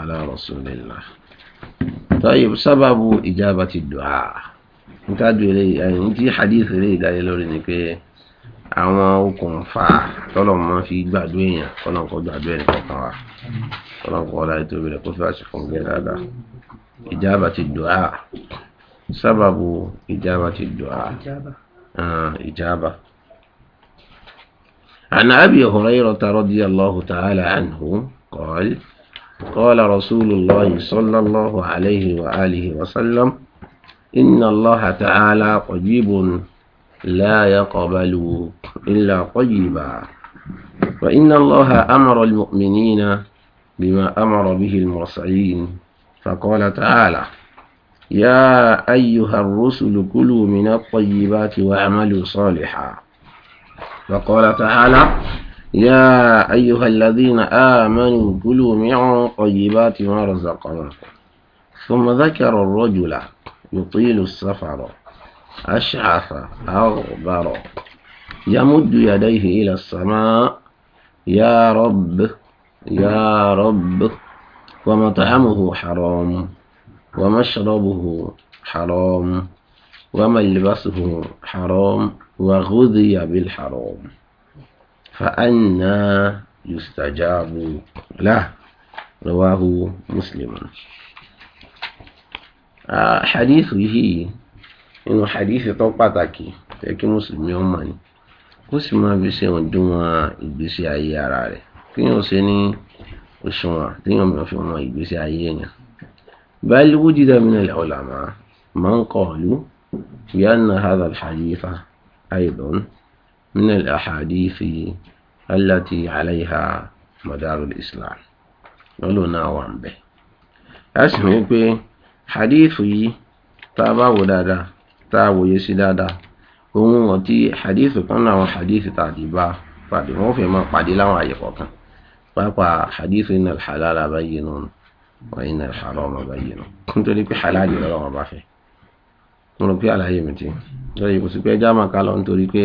ala rasulillah tayib sábàbù ijabati du'a nítàdù ilé ẹ̀yìn tí hadith ilé ìdáyé lórí ni pé àwọn okùnfà tọ́lọ̀ mọ́ fi gbàdúrà èèyàn kọ́nà kọ́ gbàdúrà ẹni kọ̀ọ̀kan wa kọ́nà kọ́ ọ̀la ètò ìbẹ̀rẹ̀ kó fẹ́ àti fún gẹ́gẹ́ dáadáa ijabati du'a sábàbù ijabati du'a ijaba. عن أبي هريرة رضي الله تعالى عنه قال قال رسول الله صلى الله عليه وآله وسلم إن الله تعالى طيب لا يقبل إلا طيبا وإن الله أمر المؤمنين بما أمر به المرسلين فقال تعالى يا أيها الرسل كلوا من الطيبات واعملوا صالحا وقال تعالى يا أيها الذين آمنوا كلوا من طيبات ما رزقناكم ثم ذكر الرجل يطيل السفر أشعث أغبر يمد يديه إلى السماء يا رب يا رب ومطعمه حرام ومشربه حرام وملبسه حرام وغذي بالحرام فأنا يستجاب له رواه مسلم حديث yìí nínú hadith tó pàtàkì fẹ́ kí mùsùlùmí ọmọ ni kó sì máa fi ṣe òǹdùnmọ̀ ìgbésí ayé ara rẹ̀ kí yóò ṣe ní òṣùwọ̀n tí yóò mọ̀ fi mọ ìgbésí ayé èèyàn. bal wujida min al-ulama man qalu bi anna hadha al-haditha aydan من الأحاديث التي عليها مدار الإسلام wọ́n lòun náà wà ńbẹ̀. a sì mọ̀ pé hadithu yìí tá a bá wò dáadáa tá a wòye sí dáadáa ohun ọ̀tí hadithu kan náà àwọn hadithu tá a ti bá pàdé wọ́n fẹ́ máa pàdé láwọn àyè kọ̀ọ̀kan pàápàá hadithu inna al-halala bayyinun wa inna al-harama bayyinun nítorí pé halali lọ́wọ́ bá fẹ́. mo rò pé àlàyé mi ti lọ́yìn kò sí pé ẹja máa ká lọ nítorí pé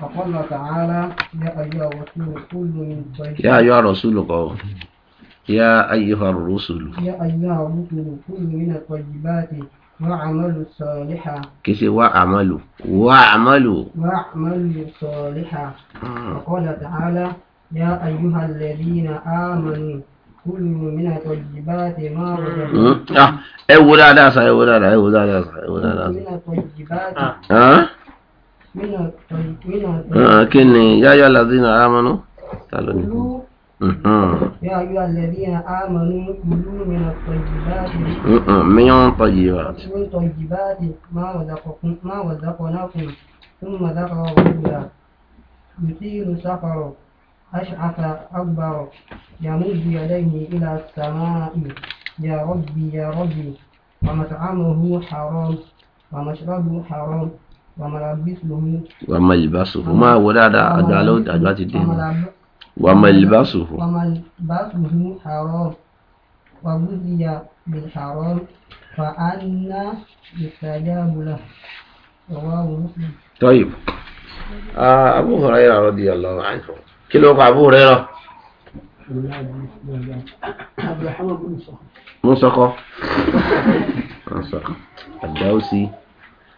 فقال تعالى يا أيها الرسول كل من يا أيها الرسول يا أيها الرسل يا أيها الرسل كل من الطيبات واعملوا صالحا كيف واعملوا واعملوا واعملوا صالحا وقال آه. تعالى يا أيها الذين آمنوا كلوا من الطيبات ما آه. رزقناكم اه ايه لا صح ايه لا ايه ولا لا صح ايه ولا لا من الطيبات اه, آه. لكن يا أيها الذين آمنوا كلوا يا أيها الذين آمنوا كلوا من الطيبات من الطيبات من الطيبات ما رزقكم ما رزقناكم ثم ذكر الرجل يطيل سفره أشعث أكبر يمد يديه إلى السماء يا ربي يا ربي ومطعمه حرام ومشربه حرام wàmà ìbásòfò máa wọ dáadáa àjọ alẹ́ àjọ àti dé wàmà ìbásòfò. wàmà ìbásòfò haram wàbúdìyà bil haram fa anna yustajabu lah rawahu muslim. tọ́yìb Abu Hurairah radiyallahu anhu kí ló kọ Abu Hurairah. Musoko. Musoko. Adausi.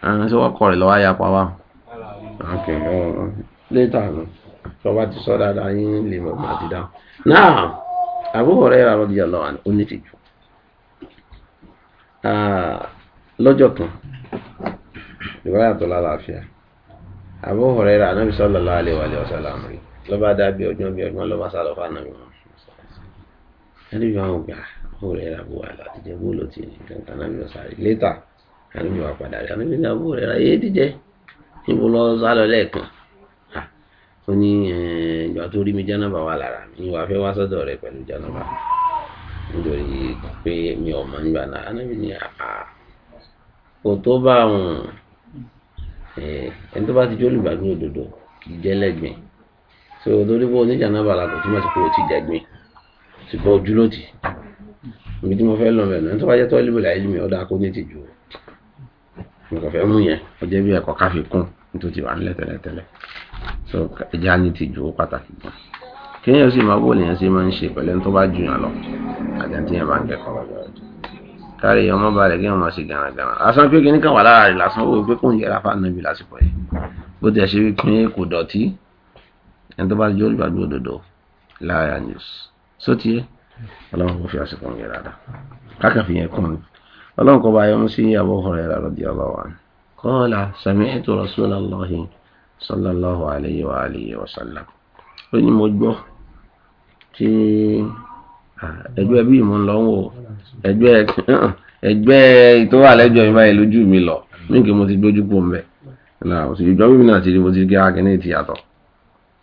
Ah, ṣé wọ́n kọ rẹ̀ lọ́wọ́ ayapa wa létà nù tọ́ba ti sọ dáadáa yín lè mọ̀ gbà dídá náà Abu Hurairah radiyallahu anhu onítìjú ah, lọ́jọ́ kan ìwáyà tó lálàáfíà Abu Hurairah anábì sallallahu alaihi wa sallam rí lọ́ba dá bí ọjọ́ bí ọjọ́ lọ́ba sálọ fún anábì wọn. ẹni yóò àwọn gbà á àbúrẹ́ rà bó wà láti jẹ bó ló ti ní kankan náà mi ò sáré létà àníbi wà padà rẹ àníbi ní àbúrẹ́ rà yé díjẹ níbo lọ sá lọ lẹ́ẹ̀kan ó ní ìgbà tó rí mi jánábà wà lára mi ìwà fẹ́ wá sọ́dọ̀ rẹ pẹ̀lú jánábà nítorí pé mi ò mọ̀ nígbà náà àníbi ní àà ah, ah, kò tó bá wọn ẹni tó bá ti jó olùgbàgbé òdodo kì í jẹ́ so lórí bó oníjà náà bàlá kò túmọ̀ sí pé o ti jẹ̀gbìn ṣùgbọ́n ojú ló ti ibi tí mo fẹ́ lọ bẹ̀rẹ̀ náà tó wáyé tọ́lé bẹ̀rẹ̀ ayé mi ọ̀dà kó ní ìtìjú o nǹkan fẹ́ mú yẹn ọjọ́ bí ẹ̀kọ́ káfí kún nítorí ti wà nílẹ̀ tẹ́lẹ̀tẹ́lẹ̀ so ẹja ní ìtìjú ó pàtàkì gan kéèyàn sì máa wò lèèyàn sì máa ń ṣe pẹ̀lú ẹni tó bá jù yàn lọ àjẹntì yẹn bá ń kẹ́kọ̀ọ́ lọ́jọ́ ọjọ́ kárí ọmọ balẹ̀ kí wọ́n máa ṣe gàràngàrà lásán pé kí nìkan wà lára rẹ̀ lásán ó pé kóun yẹra fáànù ibi lásìkò yẹn bó ti ẹ̀ ṣe pé kò dọ̀tí ẹni tó bá jọ́ ìgbàgbọ́ òdòdó lára news sótìẹ́. So, ọlọ́run kò fi àsìkò yẹn dáadáa káàkiri fi yẹn kún un ọlọ́run kọ́ bá yọ sí Abu Hurairah radiyallahu anhu qala sami'tu rasulallahi sallallahu alayhi wa alihi wa sallam ó ní mo gbọ́ tí ẹgbẹ́ bíi mo ń lọ wò ẹgbẹ́ ẹgbẹ́ tó wà lẹ́jọ́ ìmọ̀ ẹ̀ lójú mi lọ ní kí mo ti gbójú pò ń bẹ̀ ọ̀sùn ìjọba mi náà ti rí mo ti gé akẹ́ni ìtìyàtọ̀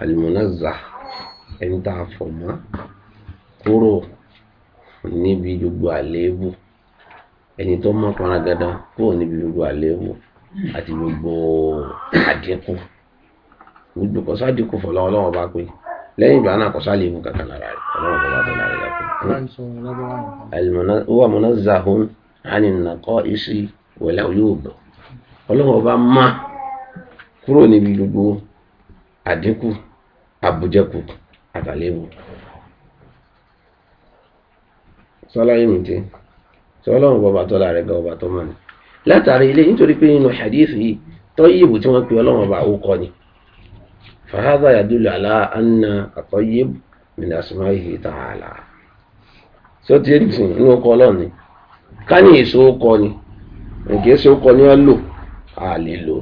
al-munazzah ẹni tá a fọ̀ mọ́ kúrò níbi gbogbo àléébù ẹni tó mọ́ panagada kúrò gbogbo àléébù gbogbo àdínkù gbogbo kò sáà dínkù fọlọ́ ọlọ́wọ́ bá pé lẹ́yìn ìgbà náà kò sáà léèmù kankan lára rẹ̀ ọlọ́wọ́ bá tó lára àdínkù àbùjẹkù àtàléébù. Ṣọ́láyé mi ti, ṣé ọlọ́run bọba rẹ̀ gan ọba tó mọ̀ ni? Látàrí eléyìí nítorí pé nínú yìí tí wọ́n pe ọlọ́run ọba àwòkọ ni. Fahadha yadullu ala anna at-tayyib min asma'ihi ta'ala. Ṣé ó ti yé nìsín inú ọkọ ọlọ́run ni? Ká ní èso ọkọ ni, nǹkan èso ọkọ ni wọ́n lò, lò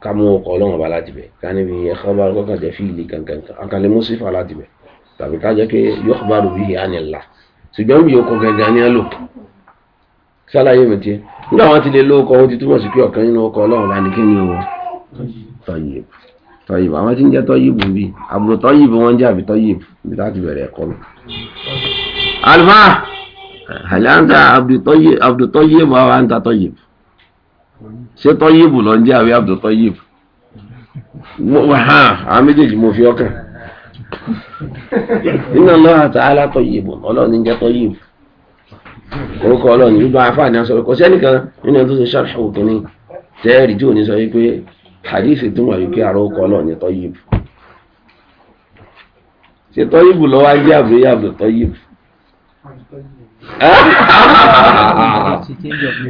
ká mú ọkọ̀ ọlọ́run bá láti bẹ̀ ká níbi ẹ̀kọ́bárù kọ́kàn jẹ́ fíìlì kankan àkàlẹ́ mú sífà láti bẹ̀ tàbí ká jẹ́ pé yóò bárò bíi ànilà ṣùgbọ́n bí okọ̀ gangan ni ẹ lò ṣàlàyé mi tiẹ̀ nígbà wọn ti lè lo ọkọ̀ wọn ti túmọ̀ sí pé ọ̀kan nínú ọkọ̀ ọlọ́run bá ní kí ni o tọ́yìb tọ́yìb àwọn tí ń jẹ́ tọ́yìb ń bì àbúrò tọ́yìb wọn jẹ́ àbí tọ́yìb bí láti bẹ̀rẹ̀ ẹ̀kọ́ mi. alfa halanta abdutọ́yìb wa anta tọ́yìb ṣé tọ́yìbù lọ ń jẹ́ àwí àbdù tọ́yìbù àwọn méjèèjì mo fi ọkàn nínú ọlọ́run àti alátọ́yìbù ọlọ́run ní jẹ́ tọ́yìbù orúkọ ọlọ́run ní gbogbo afáàní aṣọ kò sẹ́nìkan nínú tó ṣe ṣàṣọ òkìní tẹ́ẹ̀rì tí ò ní sọ wípé hadithi tún wà wípé àrò ọkọ ọlọ́run ní tọ́yìbù ṣé tọ́yìbù lọ́wọ́ ajé àbúrò yàbùrò tọ́yìbù ó sì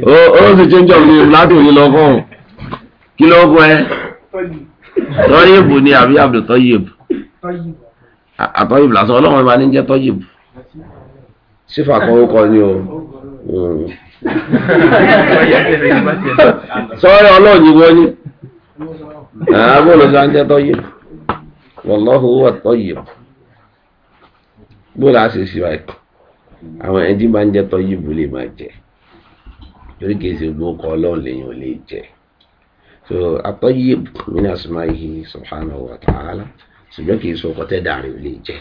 oh, oh, change of name láti òní lọ fún un kí ló fún ẹ tọ́yìbù ni àbí àbdù tọ́yìbù àtọ́yìbù lásán ọlọ́run máa ní jẹ́ tọ́yìbù sífà kan ó kọ ni o hmm. sọ́ọ́rẹ́ ọlọ́run yìí wọ́n ní àbúrò lọ́sọ́ ń jẹ́ tọ́yìbù wallahu huwa tọ́yìbù bó la ṣe ṣe báyìí àwọn ẹni tí máa ń jẹ́ tọ́yìbù lè máa jẹ torí kìí ṣe gbogbo ọkọ̀ ọlọ́run lèyàn lè jẹ so atọ́yìbù nínú asma'ihi subhanahu wa ta'ala ṣùgbọ́n kìí ṣe ọkọ̀ tẹ́ dàrí lè jẹ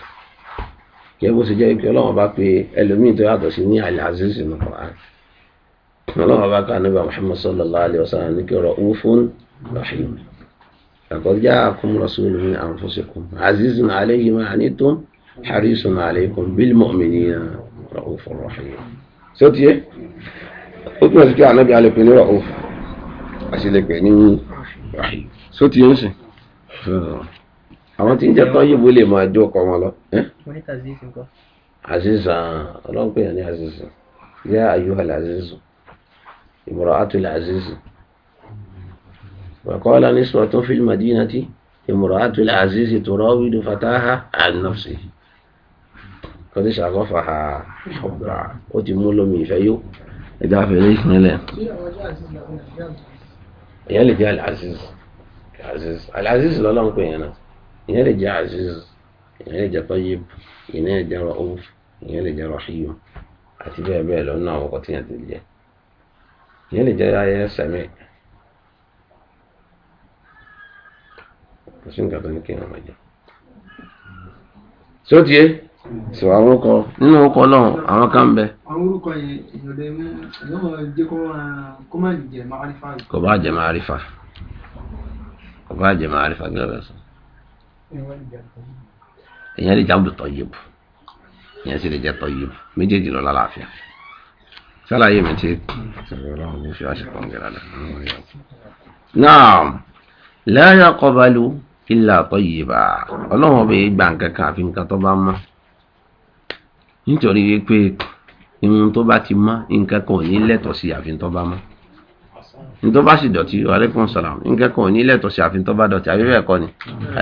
kí bó ṣe jẹ́ pé ọlọ́run bá pe ẹlòmíì tó yàtọ̀ sí ní al-aziz nínú Qur'an ọlọ́run bá ká níbà Muhammad sallallahu alayhi wa sallam ní kí ra'ufun rahim laqad ja'akum rasulun min anfusikum azizun alayhi ma anittum harisun alaykum bil mu'minina ra'ufur rahim ṣé ó ti yé ó túnmọ̀ sí pé ànábì alẹ́ pè ní ra'uf àṣìlẹ̀ pè ní rahim ṣé ó ti yé ń sìn àwọn tí ń jẹ tán yìnbó lè máa jó ọkọ wọn lọ. aziza ọlọ́run pè é ní aziza yá ayúhàlà azizu ìmọ̀ràn àtúlẹ̀ azizu wàkọ́ọ́lá ní sọ̀tún fil madinati ìmọ̀ràn àtúlẹ̀ azizu tó rọ́ọ̀wì ló fataha an kọ́dí ṣàkọ́fàá ọ̀gbà ó ti mú lómi ìfẹ́ yó ẹ̀dá fèrè ìpínlẹ̀ ìyẹn lè jẹ́ alaziz alaziz alaziz lọ́lọ́run pé yẹn náà ìyẹn lè jẹ́ aziz ìyẹn lè jẹ́ tọ́yib ìyẹn lè jẹ́ rauf ìyẹn lè jẹ́ rahim àti bẹ́ẹ̀ bẹ́ẹ̀ lọ nínú àwọn ọkọ̀ tí yẹn ti jẹ́ ìyẹn lè jẹ́ ayẹyẹ sẹ́mi kò sí nǹkan tó ní kí n máa jẹ. sóòtì yé sọ àwọn orúkọ nínú orúkọ náà àwọn kan bẹ. àwọn orúkọ yẹn ìyọ̀dẹ yóò jẹ́ kó má jẹ márífà. kò bá jẹ márífà kò bá jẹ márífà kí ló bẹ sọ. èèyàn lè jẹ Abdul Tayyib èèyàn sì lè jẹ Tayyib méjèèjì lọ lálàáfíà sálàyé mi ti sọ̀rọ̀ ọlọ́run ní fi àṣẹ kan gẹ̀rẹ́ rẹ̀. náà la yaqbalu illa tayyiba ọlọ́run ọbẹ̀ yìí gbà nǹkan kan àfi nǹkan tó bá mọ́ nítorí wípé irun tó bá ti mọ́ nǹkan kan ò ní lẹ́tọ̀ sí àfihàn tó bá mọ́ nítorí bá sì dọ̀tí aleykum salam nǹkan kan ò ní lẹ́tọ̀ sí àfihàn tó bá dọ̀tí àbí kọ́ ni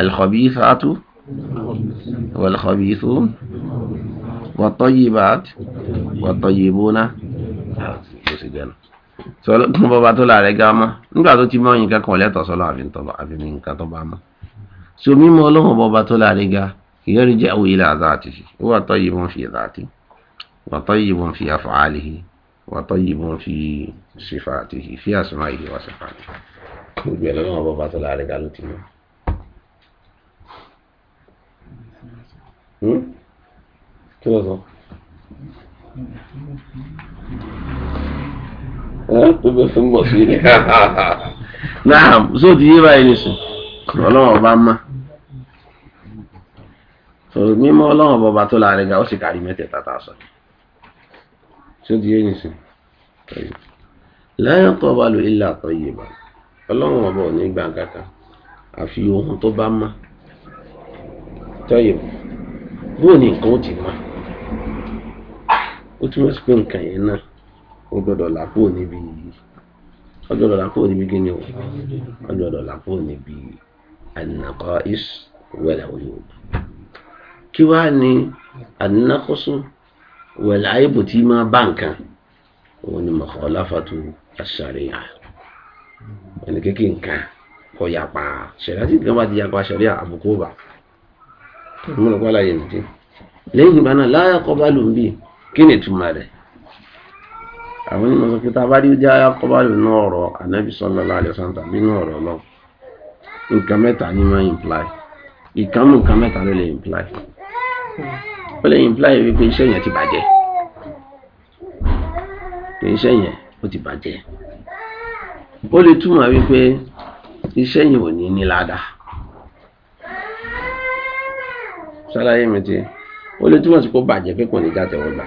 al-khabithatu wal-khabithun wat-tayyibat wat-tayyibuna ló sì gbẹ́nu sọlọ kún bọba tó la rẹ ga mọ nígbà tó ti mọ nǹkan kan lẹ́tọ̀ sọlọ àfihàn tó bá mọ́ so mímọ̀ Ọlọ́run bọba tó la rẹ ga يرجع إلى ذاته هو طيب في ذاته وطيب في أفعاله وطيب في صفاته في أسمائه وصفاته نعم زود يبقى يلسن والله ما so mímọ́ ọlọ́run bọba tó láàrin ga ó sì kárí mẹ́tẹ̀ẹ̀ta tá a sọ tí ó di yé nìsín la yaqbalu illa tayyiba ọlọ́run ọba ò ní gbà kankan àfi ohun tó bá mọ́ tayyib bóò ni nǹkan ó ti mọ́ ó túmọ̀ sí pé nǹkan yẹn náà ó gbọ́dọ̀ làpò níbi ó gbọ́dọ̀ làpò níbi gíní o ó gbọ́dọ̀ làpò níbi an-naqa'is wal-'uyub kí wá ní àdínákọ́sù wẹ̀lẹ̀ àyíbò tí máa bá nǹkan òun ni mukhalafatu àṣàríyà ẹni kékeré nǹkan kọ yapa ṣẹ̀ríà tí nǹkan bá ti yapa ṣẹ̀ríà àbùkù bá mo rò pàlàyé mi tí lẹ́yìn ìgbà náà la yaqbalu bi kí ni ìtumọ̀ rẹ̀ àwọn onímọ̀ sọ pé tá a bá rí ó jẹ́ la yaqbalu nínú ọ̀rọ̀ ànábì sallallahu alaihi wasallam tàbí nínú ọ̀rọ̀ ọlọ́run nǹkan mẹ́ta ni máa imply ìkànnù nǹkan mẹ́ta ló lè imply ó lè imply wípé iṣẹ́ yẹn ti bàjẹ́ pé iṣẹ́ yẹn ó ti bàjẹ́ ó lè túmọ̀ wípé iṣẹ́ yẹn ò ní ní ládàá ṣàlàyé mi ti ó lè túmọ̀ sí kó bàjẹ́ pé kò ní jàtẹ̀wọ́gbà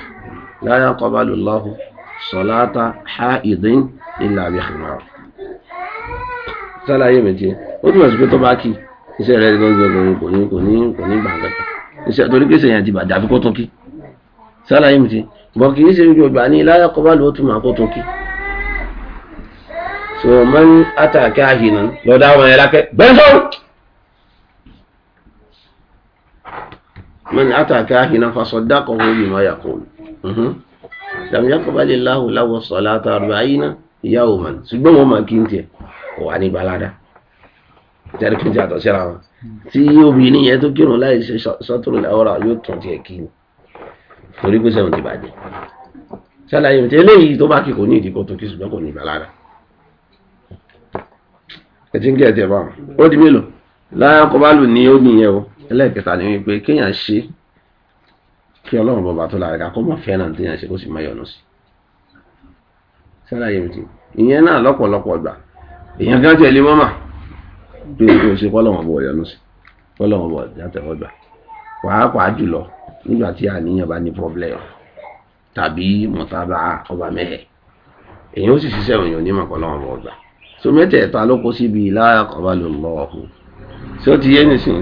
la yaqbalu Allahu salata haidin illa bi khimar ṣàlàyé mi ti ó túmọ̀ sí pé tó bá kí iṣẹ́ rẹ̀ lọ́gbẹ̀ẹ́ kò ní kò ní kò ní gbàgbẹ́ kan iṣẹ́ torí gbèsè yẹn ti bàjẹ́ àfi kó tún kí sálàyé mi ti bọ̀ kì í ṣe ojú ọgbà ní iláyà kọ́ bá lò ó tún máa kó tún kí. so man àtàkẹ́ àhìnà lọ́dọ̀ àwọn ẹ̀rọ akẹ́ gbẹ́sọ̀ man àtàkẹ́ àhìnà fasọ̀dá kọ̀ wọ́n yìí máa yà kó làmì bá lè láhùn láwọ̀ sọ̀ látàrí àyínà ìyá òmàn ṣùgbọ́n wọn máa kí n tiẹ̀ wà ní balada ìtàrí pé jàdọ̀ síra wọn tí obìnrin yẹn tó kírun láì ṣe sọ́tòrò láwọ́ra yóò tún tiẹ̀ kí ni torí pé sẹ́wọ̀n ti bàjẹ́ ṣàlàyé mi tí eléyìí tó bá kí kò ní ìdíkọ́ tó kí ṣùgbọ́n kò ní ìbàlára ẹ ti ń gẹ̀ ẹ́ tẹ̀ bá wọn ó di mélòó láyà kọ́bálù ní ó nìyẹn o ẹlẹ́ẹ̀kẹta ni wípé kéèyàn ṣe kí ọlọ́run bọ̀bà tó lára ká kó mọ̀ fẹ́ràn téèyàn ṣe kó sì má yọnu sí bí o tó ṣe kọ́lọ́wọ́n bọ̀ yọnu sí kọ́lọ́wọ́n bọ̀ jàtẹ̀wọ́ gbà pàápàá jùlọ nígbà tí àníyàn bá ní pọ́blẹ́ọ̀ tàbí mọ̀tábà ọba mẹ́ẹ̀ èyí ó sì ṣiṣẹ́ òyìn onímọ̀ kọ́lọ́wọ́n bọ̀ gbà so mẹ́tẹ̀ẹ̀ta ló kó síbi láyà kọ́ba ló lọ ọ̀hún ṣé ó ti yé nìsín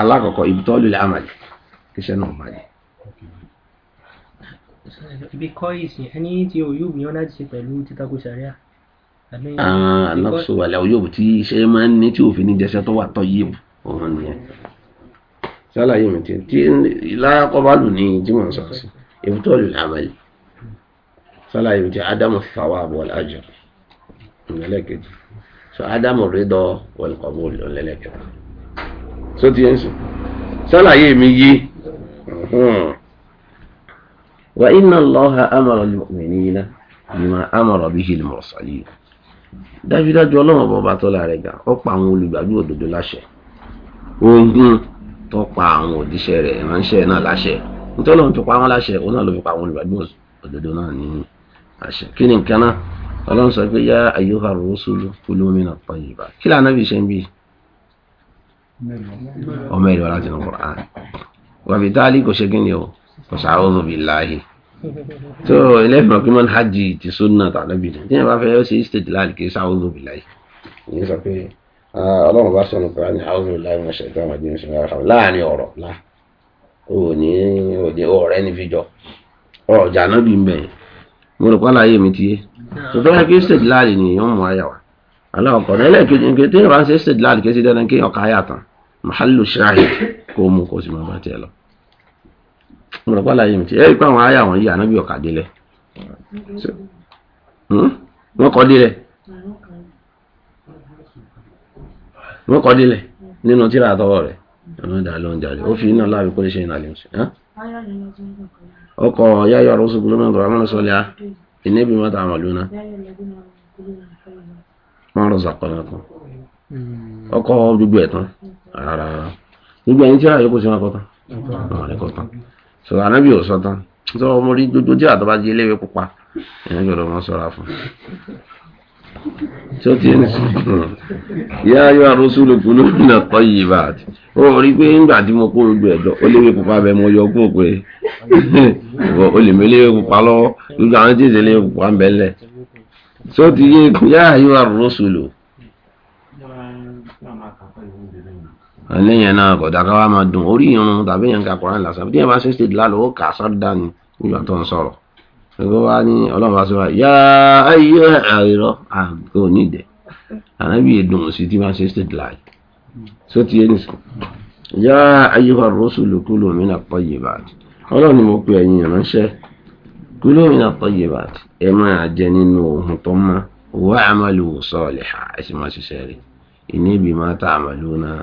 alákọ̀ọ́kọ́ ibi tọ́lù lè àmàlì iṣẹ́ náà bàjẹ́ ibi kọ́ ìsìn ẹni tí òyìnbó yọ́n láti ṣe pẹ̀lú títakò sàríà anọ́sọ ah, wàlẹ̀ ọ̀yọ́bù tí iṣẹ́ máa ń ní tí òfin ní jẹsẹ́ tó wà tọ́ yìí ọ̀hún nìyẹn sálàyé mi tí lákọ́bálù ní jimoh sọ sí ibùtọ́lù làbẹ́lì sálàyé mi tí ádámù fàwà wal ajr ọ̀lẹ́lẹ́kẹ̀jì so ádámù rídọ́ wal qabul ọ̀lẹ́lẹ́kẹ̀ta so ti ń sùn sálàyé mi yé hmm. wa inna Allaha amara al-mu'minina bima amara bihi al-mursalin dájúdájú ọlọ́run ọba tọ́lá rẹ̀ gà ó pa àwọn olùgbàgbọ́ òdodo láṣẹ ogun tó pa àwọn òjíṣẹ́ rẹ̀ ránṣẹ́ náà láṣẹ nítorí òun tó pa wọn láṣẹ òun náà ló fi pa àwọn olùgbàgbọ́ òdodo náà ní àṣẹ kí ni nǹkan náà ọlọ́run sọ pé yá ayyuha rusulu kulu min at-tayyibat kí lànà bí ṣe ń bí ọmọ ìlú aláàtì ní Qur'an wàbí táàlì kò ṣe kí ni o kò sa'udhu billahi tó ẹlẹ́fìn ọ̀pẹ́ mọ́n hajj ti sunna tàbí ní ẹ̀ bá fẹ́ ẹ ṣe ìṣèjì láàrín kì í ṣàwùjọ bìláì ìyẹn sọ pé ah, ọlọ́run bá sọ̀rọ̀ pé ní àwùjọ bìláì wọn ṣẹ̀tọ́ àwọn àdéhùn ṣe lára láàrin ọ̀rọ̀ lá òní òní ọ̀rẹ́ ní fíjọ ọjà náà bí mbẹ̀ mo rò pálá ayé mi ti yé tó fẹ́ kí ìṣèjì láàrín ni wọ́n mú ayà wa aláwọ̀kọ̀ náà ẹlẹ́ẹ̀kejì mo pàlà yìí mi ti ẹ rí pé àwọn aráyà ànábì ọ̀kà délẹ̀ hmm? wọ́n kọ́ délẹ̀ wọ́n kọ́ délẹ̀ nínú tíra àtọwọ́ rẹ̀ ọ̀nà ìdá ló ń jáde ó fi iná láàbí kó lè ṣe ọkọ̀ ọ̀rọ̀ sọ́lẹ̀ á mọ́ta wọ́n rọ̀ kan ọkọ̀ gbogbo ẹ̀ tán rárá so anábì ò sọ tán sọ ọmọ orí gbogbo àtọ́ bá di eléwé pupa èèyàn gbọ́dọ̀ mọ́ sọ́ra fún tí ti ń sùn yá yọ àròsù lòkù lórí náà tọ́ yìí ó rí pé ńgbà tí mo kó gbogbo ó léwé pupa bẹ́ẹ̀ mo yọ pé lè pupa lọ́wọ́ gbogbo àwọn tí lẹ́yìn náà kọ̀dà ká wá máa dùn orí irun tàbí yẹn ń ka koran lásán bí yẹn bá ṣe ṣe lálọ́ ó kà á sọ́dá ni nígbà tó ń sọ̀rọ̀ ẹgbẹ́ wa ní ọlọ́run bá ṣe wá yá ayé àìrọ́ àgọ́ onídẹ̀ ànábì èdùn sí tí wọ́n ṣe ṣe láì ṣó ti yẹn nìsín yá ayé wa rọ́ṣùlù kúlò mí nà pọ̀ yìí bàtì ọlọ́run ni mo pe ẹ̀yin ìránṣẹ́ kúlò mí nà pọ̀ yìí bàtì ẹ máa jẹ nínú ohun tó mọ́ wàá àmàlù sọ̀ọ̀lẹ̀ ẹ̀sìn máa ṣiṣẹ́ rẹ̀ ìní máa ta àmàlù náà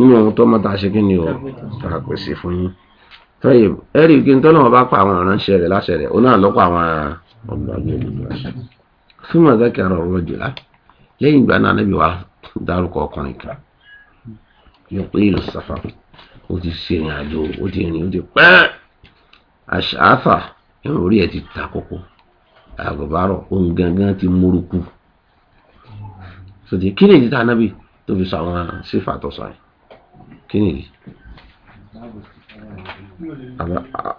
nínú ohun tó mọ́ta ṣe kí ni o ta pèsè fún yín tọ́yì ẹ̀rí kí n tọ́ náà bá pa àwọn ìránṣẹ́ rẹ̀ láṣẹ rẹ̀ òun náà lọ́pọ̀ àwọn ọ̀gbàgbé olùgbàṣẹ́ fún mọ̀ọ́dẹ́kẹ́ ọ̀rọ̀ ọ̀rọ̀ jùlá lẹ́yìn ìgbà náà níbi wa dárúkọ ọkùnrin kan yóò pé ìlú sáfà ó ti ṣe ìrìn àjò ó ti rìn ó ti pẹ́ àṣàáfà ẹ̀rùn orí ẹ̀ ti ta kókó àgùbárọ̀ ohun gangan ti múrukú sòtì kí ni ìdí kí nìyí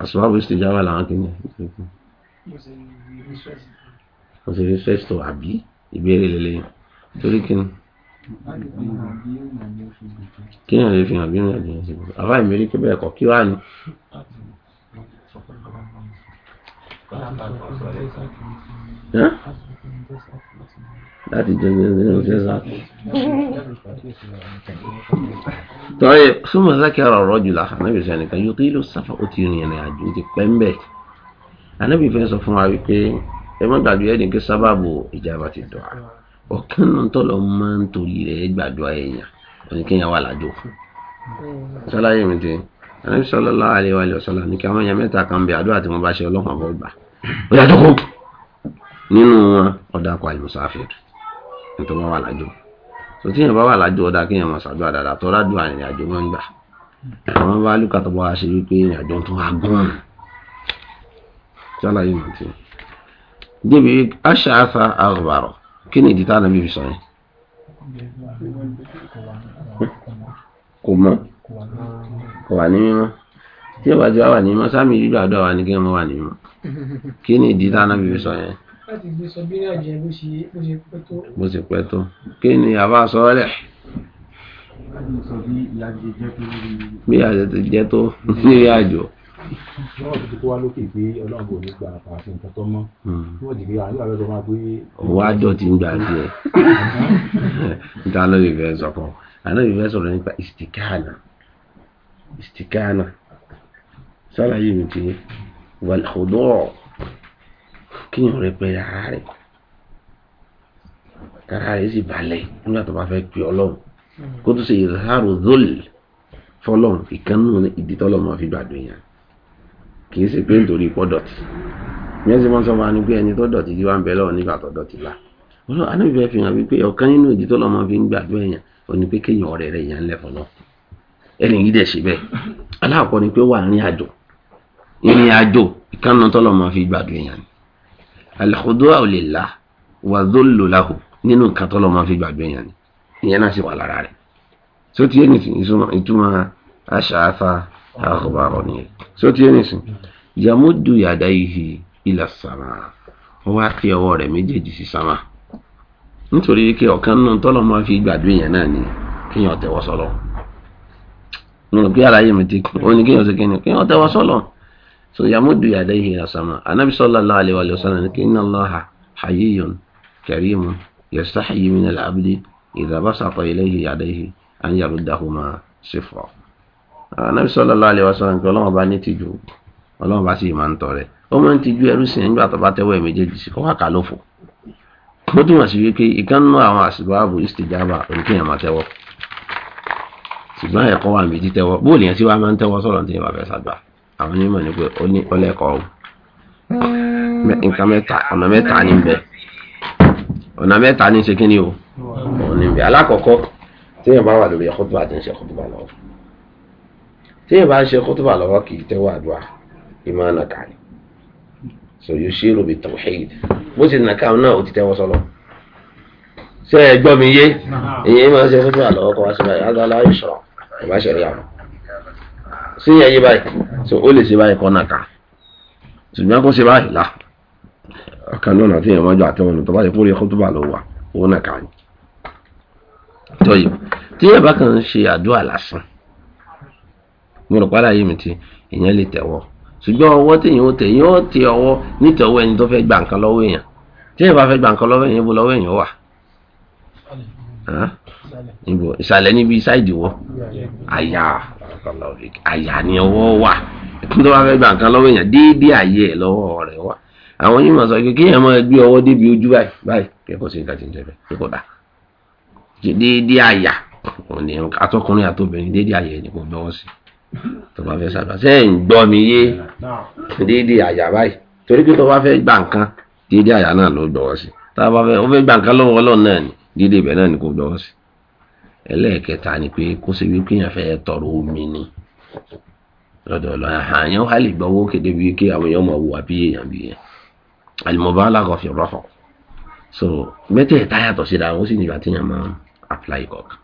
àsùnwàbù ìsìtìjáwà làwọn kí ni mo ṣe fi fẹ́sítọ̀ àbí ìbéèrè lélẹ́yìn torí kí ni kí ni àlè fi hàn bí ní àlè yẹn ṣe bọ̀ àbá ìmírí pé bẹ́ẹ̀ kọ́ kí wàá ni. Huh? láti jẹ gbẹgbẹ ní ọjọ́ tọ́yẹ súnmọ́ sákẹ́rọ̀ ọ̀rọ̀ jù lásán anábì sọ ẹnìkan yóò tó ilé sáfà ó ti rìn ìrìn àjò ti pẹ́ ń bẹ̀ anábì fẹ́ sọ fún wa wípé ẹ má gbàdúrà ẹni pé sábàbù ìjàmbá ti dọ̀ á ọ̀kan náà tó lọ máa ń torí rẹ̀ gbàdúrà èèyàn oníkéèyàn wà lájò sọláyé mi ti anábì sallallahu alaihi wa sallam ní kí àwọn èèyàn mẹ́ta kan bẹ àdúrà tí wọ́n bá ṣe ọlọ́pàá nínú wọn ọ̀dà kọ àlùmọ́sáfẹ́rẹ́ tó bá wà lájò so tíyẹn bá wà lájò ọ̀dà kéèyàn máa ṣàdúrà dáadáa tọ́ra dùn àrìnrìn àjò máa ń gbà àwọn bá lùkà tó bá wá ṣe wípé ìrìn àjò tó wá gùn ṣàlàyé mi ti débi aṣa àṣà àrùbàrọ̀ kí ni ìdí táwọn ẹbí fi sọ yẹn kò mọ̀ kò wà ní mímọ́ tí ó bá ti wá wà ní mímọ́ sáàmì ìlú àdó àwa ni kí wọ́n wà ní mímọ́ kí ni ìdí táwọn ẹbí sọ yẹn láti gbé sọ bí ìrìnàjò bó ṣe bó ṣe pẹ́ tó. bó ṣe pẹ́ tó kí ni àbá sọ ọ́ lẹ̀. bí àjẹ ti jẹ́ tó ní ìrìn àjò. wọ́n ti kó wá lókè pé ọlọ́run kò ní gba àfihàn nǹkan tó mọ́ hmm. wọ́n ti fi àwọn ìgbà tó máa gbé. òwò àjọ ti ń gbà tiẹ̀ níta ló lè fẹ́ sọ fún ọ àná ìfẹ́ sọ̀rọ̀ nípa ìsìtìkáànà ìsìtìkáànà sọ́ra mi ti wàlúùdọ́ọ̀ kéèyàn rẹpẹrẹ ara rẹ̀ ara rẹ̀ sì balẹ̀ nígbà tó bá fẹ́ pe ọlọ́run hmm. kó tó ṣe ìhàrò zoli fọlọ́run ìkànnù ìdí tọ́lọ́run máa fi gbàgbé yẹn kì ṣe pé nítorí pọ́ dọ̀tí ìyẹn sì sọ fún pé ẹni tó dọ̀tí tí wàá ń bẹ lọ́wọ́ nígbà tó dọ̀tí la ọlọ́run anábì fẹ́ fi hàn wípé ọ̀kan nínú ìdí tọ́lọ́run máa fi ń gbàgbé yẹn ò ní pé kéèyàn ọ̀rẹ́ rẹ̀ yẹn ń lẹ̀ fọlọ́ ẹni yìí dẹ̀ ṣe bẹ́ẹ̀ aláàkọ́ ni pé wà ń àjò ìrìn àjò ìkànnù tọ́lọ́run fi gbàgbé yẹn ni al-khudu'u lillah wa dhullu lahu nínú nǹkan tó lọ́ọ́ máa fi gbàgbé yẹn ni ìyẹn náà sì wà lára rẹ̀ tó ti ẹni sìn ìtumọ̀ aṣááfà àkùbárọ̀ nìyẹn tó ti ẹni sìn yamuddu yadayhi ila sama ó wá kí ọwọ́ rẹ̀ méjèèjì sí sama nítorí pé ọ̀kan náà tó lọ́ọ́ fi gbàgbé yẹn náà ni kéèyàn tẹ̀wọ́ sọ́lọ́ mo rò pé àlàyé mi ti kún ó ní kéèyàn ṣe kéèyàn tẹ̀wọ́ sọ́lọ́ so yamudu yadayhi asama anabi sallallahu alayhi wa sallam ni inna allaha hayyun karimun yastahyi min al-abdi idha basata ilayhi yadayhi an yaruddahuma sifra anabi sallallahu alayhi wa sallam kí ọlọ́wọ́n bá ní tìjú ọlọ́wọ́n bá sì máa ń tọrẹ ó máa ń tìjú ẹrú sí ẹ̀ńgbà tó bá tẹ́wọ́ ẹ̀ méjèèjì sí kọ́wá ká lófo ó túmọ̀ sí wípé ìkànnú àwọn àsìkò ààbò istijaba oníkéèyàn máa tẹ́wọ́ ṣùgbọ́n ẹ̀kọ́ wà méjì tẹ́wọ́ bóòlù yẹn sì wá máa ń tẹ́wọ́ sọ̀rọ̀ ní ìwà fẹ́ sàgbà àwọn onímọ̀ ni pé ó ní ọlẹ́kọ̀ọ́ o hmm. nǹkan mẹ́ta ọ̀nà mẹ́ta ní bẹ̀ ọ̀nà mẹ́ta ní ṣe kíni o òní bẹ̀ alákọ̀ọ́kọ́ téèyàn bá wà lórí ẹ̀kọ́tùbà àti ìṣe ẹ̀kọ́tùbà lọ́wọ́ téèyàn bá ń ṣe ẹ̀kọ́tùbà lọ́wọ́ kì í tẹ́wọ́ àdúrà ìmọ̀ nàkà ni so yóò ṣe rò bí tawhid bó ṣe nàkà náà ó ti tẹ́wọ́ sọ́lọ́ ṣe ẹ̀gbọ́n mi yé ìyẹn máa ń ṣe ẹ̀kọ́tùbà lọ́wọ́ kọ́ wá sí sí ẹyẹ báyìí so ó lè ṣe báyìí kọ́ náà ká ṣùgbọ́n kó ṣe báyìí là ọ̀kan náà tí èèyàn mọ́jọ àtẹ̀wọ̀n ní tó bá ṣe kó rí ẹkọ́ tó bá lọ wà owó náà ká ní. tọ́yì tí èèyàn bá kàn ń ṣe àdúrà lásán mo rò pálá yìí mi ti èèyàn lè tẹ̀wọ́ ṣùgbọ́n ọwọ́ téèyàn ó tẹ̀ yín ó tẹ ọwọ́ nítẹ̀wọ́ ẹni tó fẹ́ gba nǹkan lọ́wọ́ èèyàn tí èèyàn bá fẹ́ gba nǹkan lọ́wọ́ èèyàn bó lọ́wọ́ èèyàn wà níbo ìsàlẹ̀ níbi ṣáìdì wọ àyà àyà ni ọwọ́ wà tó bá fẹ́ gbà nǹkan lọ́wọ́ èèyàn déédéé àyè ẹ̀ lọ́wọ́ rẹ̀ wà àwọn onímọ̀ sọ pé kéèyàn máa gbé ọwọ́ débi ojú báyìí báyìí kẹ́kọ̀ọ́ sí nǹkan tí ń jẹ bẹ́ẹ̀ kẹ́kọ̀ọ́ dà déédéé àyà òní atọkùnrin àtobìnrin déédéé àyà ẹ̀ ní kò gbọ́wọ́ sí tó bá fẹ́ sàdúrà sẹ́yìn gbọ́ mi yé déédéé àyà báyìí torí pé tó bá fẹ́ gbà nǹkan déédéé àyà náà ló gbọ́wọ́ sí tá a bá fẹ́ ó fẹ́ gbà nǹkan lọ́wọ́ ọlọ́run náà ni déédéé ibẹ̀ náà ni kò gbọ́wọ́ sí ẹlẹ́ẹ̀kẹta ni pé kó ṣe wípé èèyàn fẹ́ tọrọ omi ni lọ́dọ̀ lọ àyàn wà lè gbọ́wọ́ kéde bíi kí àwọn èèyàn máa wù àbí èèyàn bíi yẹn àlùmọ̀bá alágọ̀ fi rọ́fọ̀ so mẹ́tẹ̀ẹ̀ta yàtọ̀ síra ó sì nígbà téèyàn máa apply kọ̀ọ̀kan.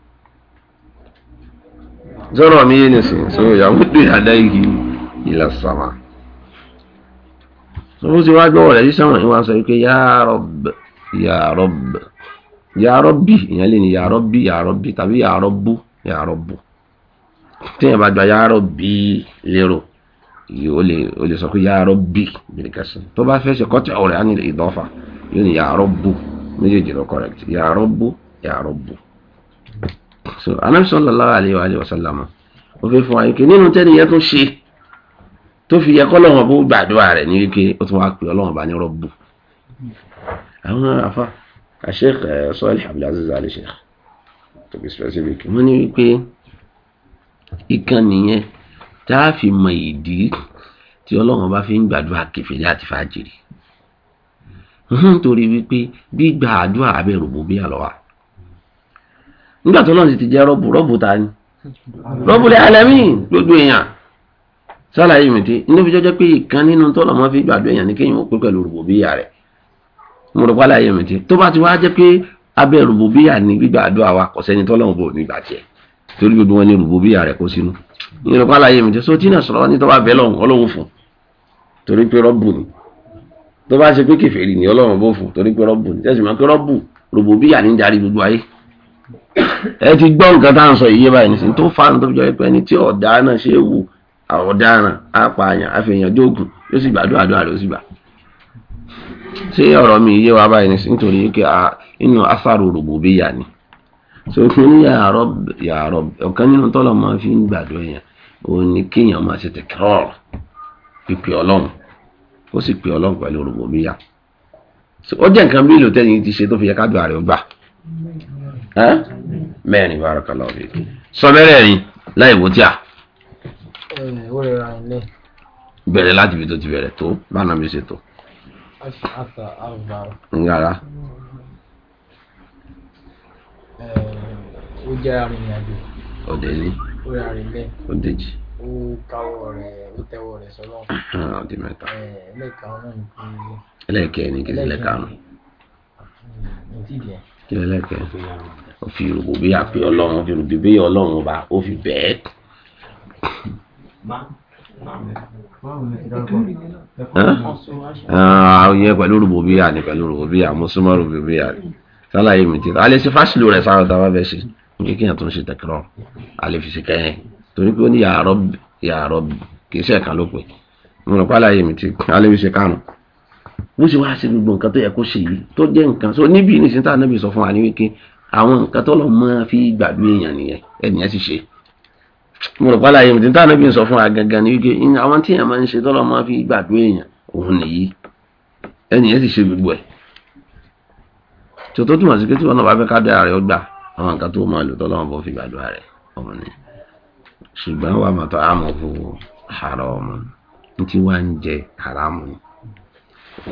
zọ́rọ̀ mi yéé nìsín so ìyàwó dùn ìyàdá igi ìlà sàmà so bó ti wá gbọ́wọ́ rẹ̀ sí sàmà yìí wá sọ wípé ya Rabb ya Rabb yàrá bí èèyàn lè ní yàrá bí yàrá bí tàbí yàrá bú yàrá bù téèyàn bá gba yàrá bí lérò yìí ó lè ó lè sọ pé yàrá bí bìrì kẹsàn tó bá fẹ́ ṣe kọ́tà ọ̀rẹ́ á ní ìdọ́fà yóò ní yàrá bù méjèèjì ló correct yàrá bù yàrá bù. so anabi sallallahu alaihi wa sallam ó fẹ́ fún wa yìí pé nínú tẹ́ni yẹn tún ṣe tó fi yẹ kọ́ bó gbàdúrà rẹ̀ ní wípé ó tún wá pè ọlọ́wọ́n bá ní rọ́bù àwọn afa الشيخ eh, Salih Abdulaziz Ali Sheikh to طب specific wọ́n ní wípé ìkànnì yẹn tá a fi mọ ìdí tí ọlọ́run bá fi ń gbàdúrà kèfèrí àti fàájìrì torí wípé gbígba àdúrà abẹ́ rògbò bí àlọ́wà nígbà tó lọ́run ti jẹ́ rọ́bù rọ́bù ta ni rọ́bù lẹ́ alẹ́mí gbogbo èèyàn sálàyé mi ti inú fi jọ́jọ́ pé ìkan nínú tọ́lọ̀ mọ́ fi gbàdúrà èèyàn ní kéèyàn ó pé pẹ̀lú rògbò rẹ̀ mo rò wálé ayé mi ti tó bá ti wá jẹ́ pé abẹ́ rùbùbíyà ni gbígbà àdúrà wa kò sẹ́ni tọ́lọ́run bò nígbà tiẹ̀ torí gbogbo wọn ni rùbùbíyà rẹ̀ kó sínú mo rò wálé ayé mi ti so tí náà sọ̀rọ̀ ní tó bá bẹ́ lọ́hùn ọlọ́hun fún torí pé rọ́bù ni tó bá ṣe pé kèfèrí ni ọlọ́run bò fún torí pé rọ́bù ni tẹ̀sí mọ́ pé rọ́bù rùbùbíyà ni ń darí gbogbo ayé ẹ ti gbọ́ nǹkan tá à ń sọ yìí báyìí nísìnyí tó fa àwọn tó jọ pé ẹni tí ọ̀daràn ṣe é wù ọ̀daràn apààyàn àfihàn dóògùn yóò sì gbàdúrà dúrà rẹ̀ ó sì gbà ṣé ọ̀rọ̀ mi yé wa báyìí nítorí pé inú asaru rububiyya ni so fún ní ya Rabb ya Rabb ọ̀kan nínú tọ́lọ̀ máa fi ń gbàdúrà yẹn òun ni kéèyàn máa ṣe tẹ̀kírọ̀rọ̀ pípẹ́ ọlọ́run ó sì pé ọlọ́run pẹ̀lú rububiyya ó jẹ́ nǹkan bí ìlò tẹ́yìn ti ṣe tó fi yẹ kádùn ààrẹ ọgbà mẹ́rin barakallahu fik sọ mẹ́rẹ̀ẹ̀rin láì wò tí a bẹ̀rẹ̀ láti ibi tó ti bẹ̀rẹ̀ tó bá nàmi ṣètò. Asy'ata Akbar. Enggak lah. Ó jẹ́ arìnrìn àjò. Òde ni. Ó ra rìn bẹ́ẹ̀. Ó dèjì. Ó káwọ́ rẹ̀ ó tẹ́wọ́ rẹ̀ sọ́lọ́. Ó di mẹ́ta. Ẹlẹ́ẹ̀karùn náà ni kí n lé. Ẹlẹ́ẹ̀kẹ́ ni kí n lé karùn. Mo ti jẹ. fi rògbò bí àpè ọlọ́run, ó fi rògbò bí ọlọ́run ọba, ó fi bẹ́ẹ̀. Má má mẹ́ta. Ah, yẹ pẹ̀lú rúbòbíyà ni pẹ̀lú rúbòbíyà mùsùlùmọ́ rúbòbíyà ni sálàyé mi ti alẹ́ sí fásilù rẹ̀ sáwọn tá a bá fẹ́ ṣe ní kéèyàn tó ń ṣe tẹ̀kọ́rọ̀ alẹ́ fi ṣe kẹ́yìn torí pé ó ní yàrá yàrá kì í ṣe ẹ̀ka ló pè mo rò pé alẹ́ mi ti alẹ́ fi ṣe kárùn bó ṣe wá sí gbogbo nǹkan tó yẹ kó ṣe yìí tó jẹ́ nǹkan so níbi ìnísìntà náà bí sọ fún wa ní wíkẹ́ àwọn nǹkan tó lọ́ mọ́ fi mo rò pálá yẹn tí ànábì ń sọ fún wa gangan ni wípé àwọn tí èèyàn máa ń ṣe tọ́lọ́ máa fi gbàgbé èèyàn òun nìyí ẹnì yẹn sì ṣe gbogbo ẹ̀ tí o tó túmọ̀ sí pé tí wọn náà bá fẹ́ kádùá rẹ̀ ó gbà àwọn nǹkan tó máa lò tọ́lọ́ wọn bó fi gbàdúrà rẹ̀ òun ni ṣùgbọ́n wàá mọ̀ tọ́ àmọ̀ fún haramu ní tí wàá ń jẹ haramu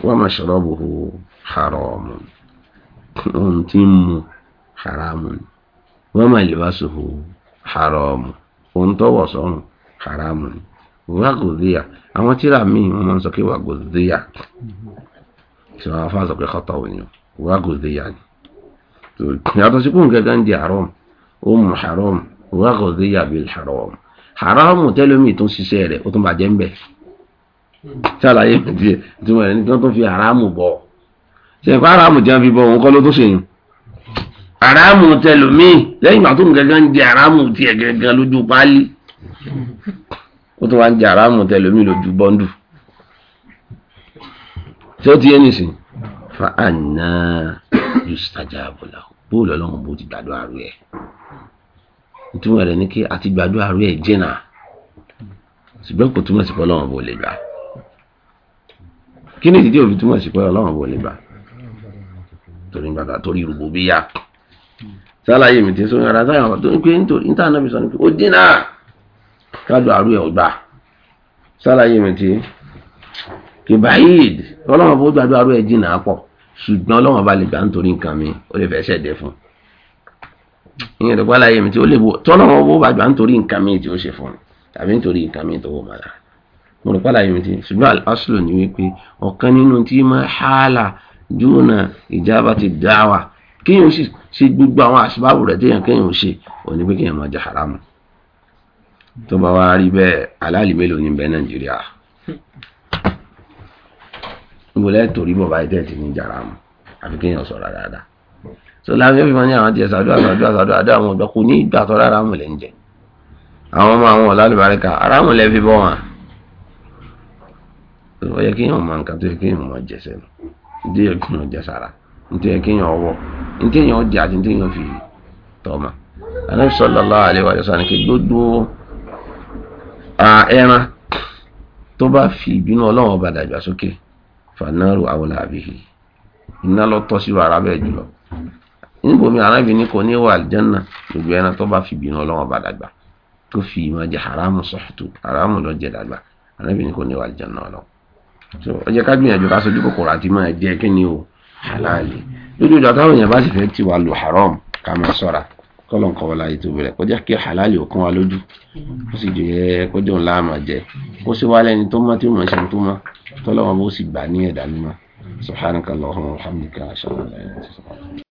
wàá mọ̀ ṣọ́rọ́bù fún haramu ohun tí ń mu haramu wàá mọ̀ libasu fún haramu òun tọ́wọ̀ sọ́run haramu ni wàgòdìyà àwọn tíra míì wọ́n máa ń sọ pé wàgòdìyà tí wọ́n afá sọ pé kọ́tà òní wàgòdìyà ni yàtọ̀ sí kún gẹ́gẹ́ ń di haram ó mú haram wàgòdìyà bil haram haram tẹ́lómi tó ń ṣiṣẹ́ rẹ̀ tún bàjẹ́ ń bẹ̀ ṣàlàyé mi díẹ̀ tí wọ́n rẹ̀ ní tí wọ́n tún fi haram bọ̀ ṣe fún haram jẹun fi bọ̀ òun kọ́ ló tún ṣèyìn. Aramu tẹlòmíì lẹ́yìn ìgbà tó ń gẹ́gẹ́ ń jẹ àràmù tiẹ̀ gẹ́gẹ́ lójú páálí ó tún wá ń jẹ àràmù tẹlòmíì lójú bọ́ńdù tí ó ti yé nìsín fa àná yustajabu lahu bóòlù ọlọ́run bó ti gbàdúrà rẹ̀ ìtumọ̀ rẹ̀ ni kí a ti gbàdúrà rẹ̀ jìnnà ṣùgbọ́n kò túmọ̀ sí pé ọlọ́run bó lè gbà kí ni ìdí tí òfin túmọ̀ sí pé ọlọ́run bó lè gbà torí gbàgbà bí yá sálàyé mi ti ń sóyún ara sáyà wọn tó ń pè nítorí níta náà fi sọ ni pé ó dínà kájọ àrú ẹ̀ ọgbà sálàyé mi ti kìbáyìd ọlọ́wọ́n bó gbàdúrà àrú ẹ̀ dínà pọ̀ ṣùgbọ́n ọlọ́wọ́n bá lè gbà nítorí nǹkan mi ó lè fẹ́ ṣẹ̀dẹ̀ fún ìyẹn ìdọ̀gbà láyé mi tí ó lè bó tọ́lọ́wọ́n bó bá nítorí nǹkan mi tí ó ṣe fún tàbí nítorí nǹkan mi tó wò má mo rò pàlàyé kéèyàn sì ṣe gbogbo àwọn àṣìbáàbò rẹ̀ téèyàn kéèyàn ṣe òní pé kéèyàn máa jẹ haramu tó bá wá rí bẹ́ẹ̀ aláàlì mélòó ní bẹ nàìjíríà níbo lẹ́tọ̀ rí bọ̀ báyìí tẹ́ẹ̀tì ní jàràmù àfi kéèyàn sọ̀rọ̀ dáadáa so láàbí fi máa ní àwọn tiẹ̀ sàdúrà sàdúrà sàdúrà àdúrà àwọn ọ̀dọ́ kò ní ìgbà tọ́ rárá mù lẹ́ ń jẹ àwọn ọmọ àwọn ọ̀làlùbáríkà ará mù lẹ́ fi bọ́ wọn ó yẹ kéèyàn máa nǹkan tó kéèyàn máa jẹ sẹ́nu díẹ̀ kùnà jẹ nítorí ẹ kéèyàn ọwọ́ nítorí èèyàn jẹ àti nítorí èèyàn fi tọmọ Ànábì sallallahu alaihi wasallam ní kí gbogbo ẹran tó bá fi ìbínú Ọlọ́run ọba dàgbà sókè fanáàrù àwòlà àbíhì iná lọ tọ́ sí wàrà bẹ́ẹ̀ jùlọ níbòmí arábìnrin kò ní wà àlìjánà gbogbo ẹran tó bá fi ìbínú Ọlọ́run ọba dàgbà tó fi ìmọ̀ jẹ haramu sọ̀tù haramu lọ jẹ dàgbà arábìnrin kò ní wà àlìjánà Ọlọ́run so ọjọ́ ká gbìyànjú ká sojú kòkòrò àti máa jẹ kí ni o halali lórí ìgbà táwọn èèyàn bá sì fẹ́ ti wà lò haram ká máa ṣọ́ra kọ́lọ̀ nǹkan wọlé ayé tó bẹ̀rẹ̀ kọjá kí halali ò kán wa lójú ó sì jẹ́ kọjá ńlá máa jẹ kó sì wá lẹ́ni tó mọ́ tí mò ń ṣe tó mọ́ tọ́lọ́wọ́n bó sì gbà ní ẹ̀dá mímọ́ subhanaka wa hamdika